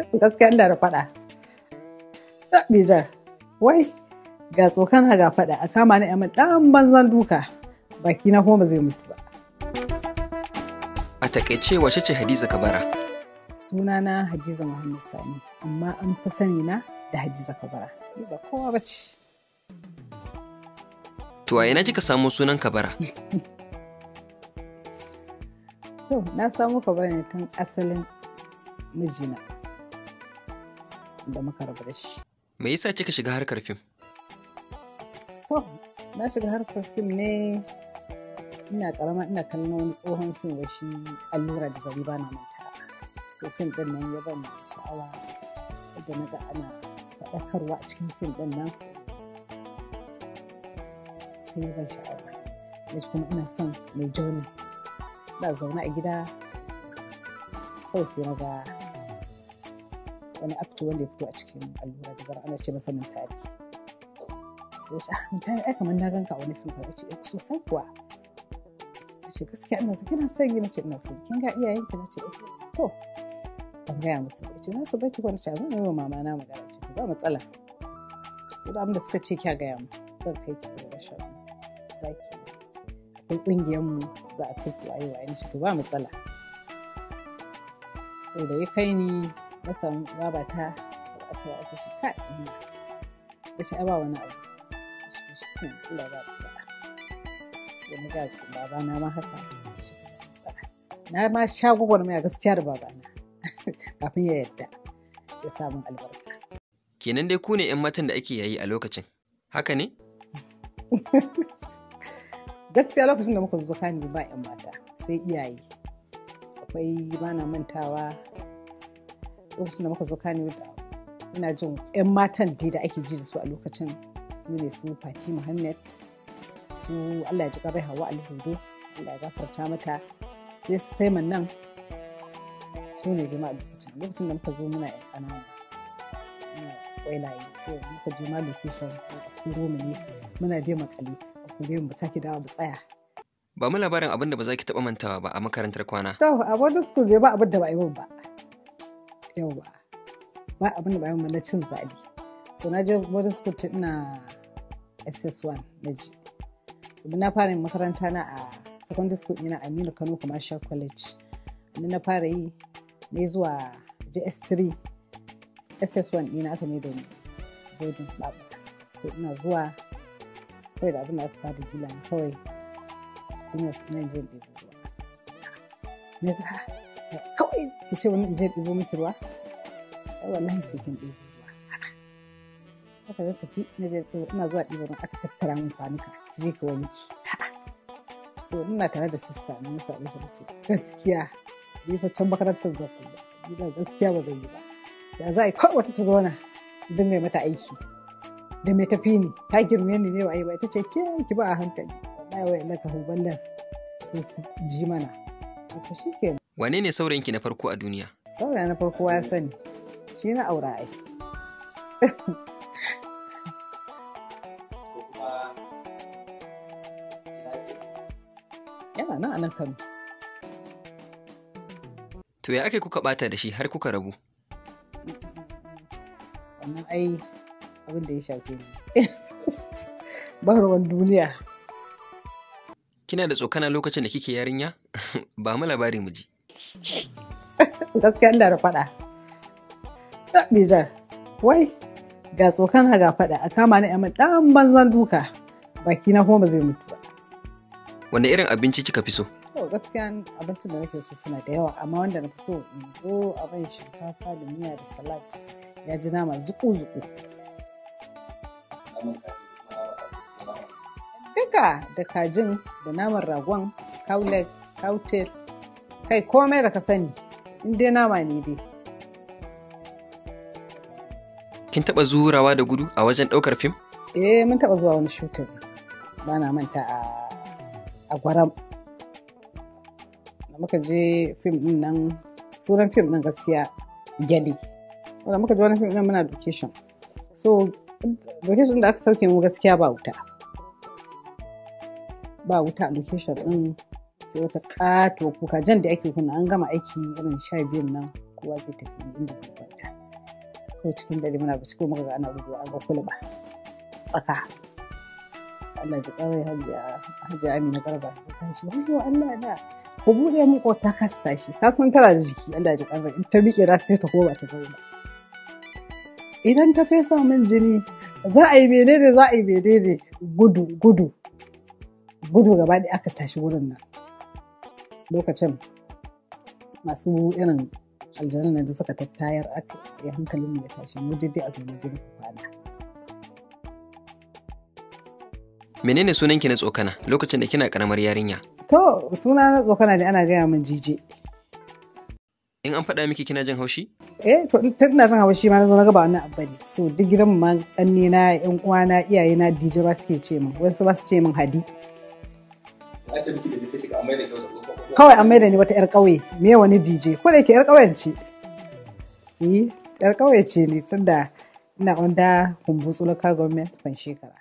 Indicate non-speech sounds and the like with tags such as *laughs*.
*laughs* gaskiyar da faɗa Nijar, wai ga tsokana ga faɗa a kama na yamin ɗan banzan duka baki na homa zai mutu ba. A takaice wace ce Hadiza Kabara? Sunana Hadiza Muhammad Sani, amma an fi sani na da Hadiza Kabara. Ni ba kowa ba ce. To a ina kika samo sunan Kabara? *laughs* To na samo Kabara ne tun asalin mijina. da muka rabu da shi. Me yasa kika shiga harkar fim? To, na shiga harkar fim ne ina karama ina kallon wani tsohon fim wa shi allura da zari na mata So fim din nan ya ban sha'awa da na ga ana faɗakarwa a cikin fim din nan. Sai ya ban sha'awa. Yanzu kuma ina son mai jauni Da zaune a gida kawai sai na ga wani akto wanda ya fito a cikin allura da zara ana ce masa min tari sai shi ah min tari ai kamar na ganka a wani fim ka ce eh, san kuwa ta ce gaskiya ina son kina son yi na ce ina son kin ga iyayen ki na ce eh, to ban gaya musu ba ce na su baki kwanci a zan yi wa mama na magana ce ba matsala sai da amma suka ce kya gaya mu zan kai ki da sha zaki akwai kungiyar mu za a kai ki waye waye ni ce ba matsala sau da ya kai ni na samu baba ta ba, aka shi ka ina da shi ba na abu shi kula ba ta sa'a sai na ga su baba na ma haka na ma sha gwagwarmaya gaskiya da baba na *laughs* kafin ya yadda ya samu albarka kenan dai ku ne 'yan matan da ake yayi a lokacin haka ne *laughs* gaskiya lokacin da muka zuba kani ba 'yan mata sai iyaye akwai bana mantawa lokacin da muka zo kano ina jin 'yan matan dai da ake ji da su a lokacin su ne su fati muhammad su allah ya ji ƙarai hawa alhudu allah ya gafarta mata sai sai nan su ne jima a lokacin lokacin da muka zo muna yan ƙanana muna wailaye sai muka je location a kuro mu ne muna dai makale a kuro mu sake dawa mu tsaya ba mu labarin abin da ba za ki taɓa mantawa ba a makarantar kwana. To a boarding school ba abin da ba yi min ba. yauwa ba abin da ba yamma na cin zabi so na je boarding school tun ina ss1 na ji na fara yin makaranta na a secondary school ina aminu kano commercial college ni na fara yi ne zuwa js3 ss1 ina aka mai da boarding babu so ina zuwa kawai da abin da aka fara gila kawai seniors ina je da na ah, kawai ki ce wani je ɗibo miki ruwa ai wallahi sai kin ɗibo ruwa haka zan tafi na je ɗibo ina zuwa ɗibo ruwa aka tattara min kwanuka ki je ki wanki so ina tare da sista na musa ɗin ta ce gaskiya ni fa can makarantar zan kula gaskiya ba zan yi ba da za a yi kawai wata ta zauna don mai mata aiki da mai tafi ni ta girme ni ne waye ba ita ce ke ki ba a hankali wallahi wai laka huballan sun ji mana to shi Wane ne saurayinki na farko a duniya? Saurayin na farko ya sani, shi na aura ai. *laughs* Yana nan a nan Kano. To ya ake kuka ɓata da shi har kuka rabu? Wannan ai abin da ya shafe ni. *laughs* Barwan duniya. Kina da tsokana lokacin da kike yarinya? *laughs* Ba mu labari mu ji. *laughs* gaskiya da faɗa Nijar wai ga tsokana ga faɗa a kama ni yamin ɗan banzan duka baki na homa zai mutu wanda irin abinci kika fi so to gaskiya abincin da nake so suna da yawa amma wanda na fi so in zo a bai shinkafa da miya da salad ya ji nama zuku-zuku duka da kajin da naman ragon kaulet kautel kai komai da ka sani in dai nama ne dai kin taba zurawa da gudu a wajen daukar fim eh mun taba zuwa wani shooting ba na manta a gwaram da muka je fim din nan sunan fim din gaskiya gyali wanda muka je wani fim din muna location so location da aka sauke mu gaskiya ba wuta ba wuta location din sai wata kato kuka jan da ake kuna an gama aiki irin sha biyun nan kowa zai tafi inda ya kwanta ko cikin dare muna ba ko muka ga ana gudu a ga ba tsaka Allah ji kawai hajji Amina Garba ta shi wajo Allah na ku buɗe mu ko ta kasta shi ta san tana da jiki Allah ji kawai in ta miƙe za sai ta koma ta zauna idan ta fesa min jini za a yi menene za a yi menene gudu gudu gudu gaba ɗaya aka tashi wurin nan lokacin masu irin aljanun da suka tattayar ya hankalin mai tashi mu daidai a zaune gudun kwana. Menene sunan ki na tsokana lokacin da kina karamar yarinya? To suna na tsokana da ana gaya min jije. In an faɗa miki kina jin haushi? Eh to tana jin haushi ma na zo na ga ba wani abu ne. So duk gidanmu ma ƙanni na ƴan uwana iyaye na dije ba suke ce min wasu ba su ce min hadi. kawai an maida ni wata yar kauye me wani dj ko da yake yar kauyen ce yi eh, yar kauye ce ne tunda ina wanda kumbu tsulaka government ban shekara